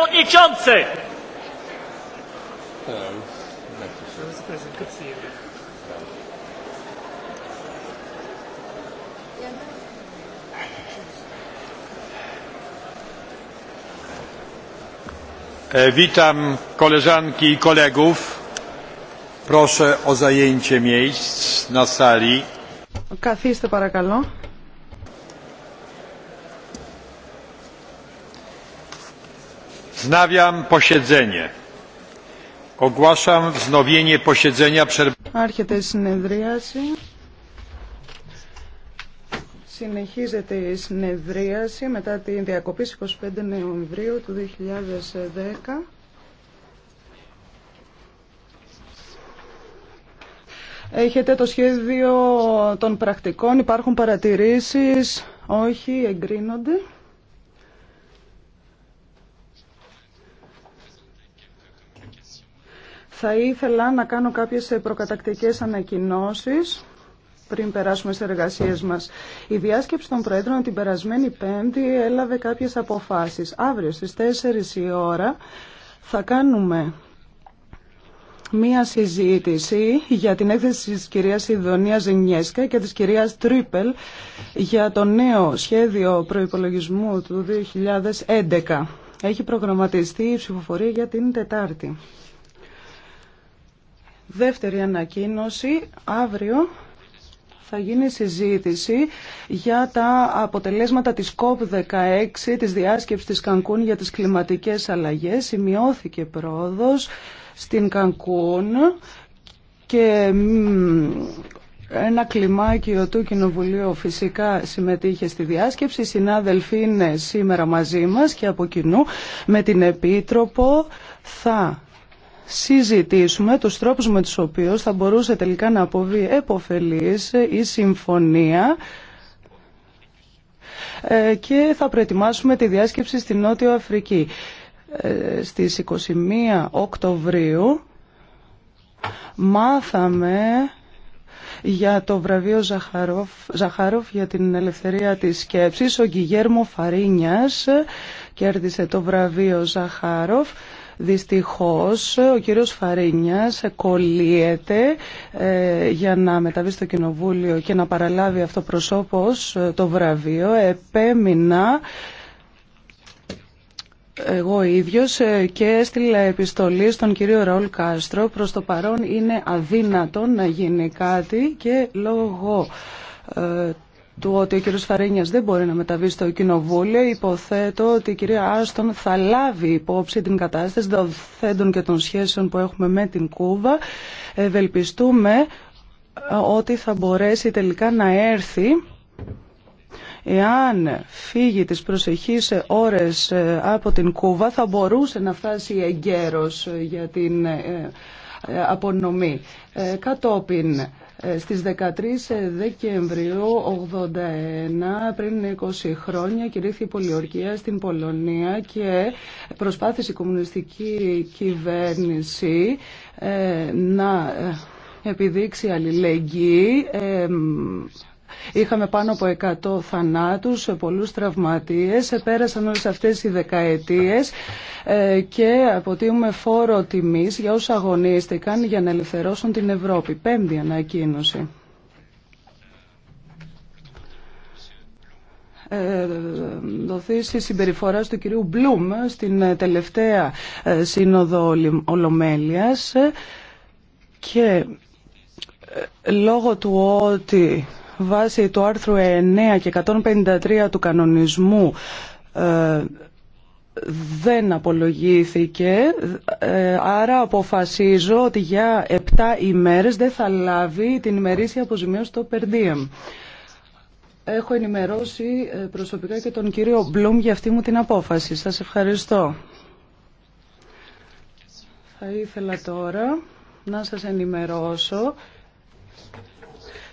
przewodniczący! Witam koleżanki i kolegów. Proszę o zajęcie miejsc na sali. Καθίστε παρακαλώ. Wznawiam posiedzenie. Ogłaszam Άρχεται η συνεδρίαση. Συνεχίζεται η συνεδρίαση μετά την διακοπή 25 Νοεμβρίου του 2010. Έχετε το σχέδιο των πρακτικών. Υπάρχουν παρατηρήσεις. Όχι, εγκρίνονται. Θα ήθελα να κάνω κάποιες προκατακτικές ανακοινώσεις πριν περάσουμε στις εργασίες μας. Η διάσκεψη των Προέδρων την περασμένη Πέμπτη έλαβε κάποιες αποφάσεις. Αύριο στις 4 η ώρα θα κάνουμε μία συζήτηση για την έκθεση της κυρίας Ιδονίας Ζενιέσκα και της κυρίας Τρίπελ για το νέο σχέδιο προϋπολογισμού του 2011. Έχει προγραμματιστεί η ψηφοφορία για την Τετάρτη. Δεύτερη ανακοίνωση, αύριο θα γίνει συζήτηση για τα αποτελέσματα της COP16, της διάσκεψης της Κανκούν για τις κλιματικές αλλαγές. Σημειώθηκε πρόοδος στην Κανκούν και ένα κλιμάκιο του Κοινοβουλίου φυσικά συμμετείχε στη διάσκεψη. Οι συνάδελφοι είναι σήμερα μαζί μας και από κοινού με την Επίτροπο θα συζητήσουμε τους τρόπους με τους οποίους θα μπορούσε τελικά να αποβεί επωφελής η συμφωνία ε, και θα προετοιμάσουμε τη διάσκεψη στη Νότιο Αφρική. Ε, στις 21 Οκτωβρίου μάθαμε για το βραβείο Ζαχαρόφ, Ζαχαρόφ για την ελευθερία της σκέψης. Ο Γκυγέρμο Φαρίνιας κέρδισε το βραβείο Ζαχαρόφ. Δυστυχώς ο κύριος Φαρίνιας κολλείεται ε, για να μεταβεί στο Κοινοβούλιο και να παραλάβει αυτοπροσώπως ε, το βραβείο. Επέμεινα εγώ ίδιος ε, και έστειλα επιστολή στον κύριο Ραούλ Κάστρο. Προς το παρόν είναι αδύνατο να γίνει κάτι και λόγω του ότι ο κύριος Φαρένιας δεν μπορεί να μεταβεί στο Κοινοβούλιο, υποθέτω ότι η κυρία Άστον θα λάβει υπόψη την κατάσταση των και των σχέσεων που έχουμε με την Κούβα. Ευελπιστούμε ε, ότι θα μπορέσει τελικά να έρθει εάν φύγει τις προσεχείς ώρες ε, από την Κούβα θα μπορούσε να φτάσει εγκαίρος για την ε, απονομή. Κατόπιν ε, στις 13 ε, Δεκεμβρίου 81, πριν 20 χρόνια, κηρύχθη η πολιορκία στην Πολωνία και προσπάθησε η κομμουνιστική κυβέρνηση ε, να επιδείξει αλληλεγγύη Είχαμε πάνω από 100 θανάτους, πολλούς τραυματίες. Πέρασαν όλες αυτές οι δεκαετίες ε, και αποτείουμε φόρο τιμής για όσους αγωνίστηκαν για να ελευθερώσουν την Ευρώπη. Πέμπτη ανακοίνωση. Ε, δοθεί στη συμπεριφορά του κυρίου Μπλουμ στην ε, τελευταία σύνοδο Ολομέλειας και λόγω του ότι βάσει του άρθρου 9 και 153 του κανονισμού ε, δεν απολογήθηκε, ε, άρα αποφασίζω ότι για 7 ημέρες δεν θα λάβει την ημερήσια αποζημίωση στο Περντίεμ. Έχω ενημερώσει ε, προσωπικά και τον κύριο Μπλουμ για αυτή μου την απόφαση. Σας ευχαριστώ. Θα ήθελα τώρα να σας ενημερώσω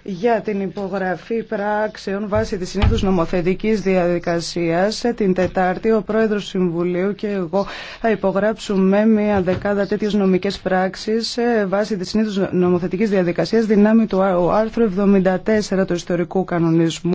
για την υπογραφή πράξεων βάσει της συνήθους νομοθετικής διαδικασίας. Την Τετάρτη ο Πρόεδρος Συμβουλίου και εγώ θα υπογράψουμε μια δεκάδα τέτοιες νομικές πράξεις βάσει της συνήθους νομοθετικής διαδικασίας δυνάμει του άρθρου 74 του ιστορικού κανονισμού.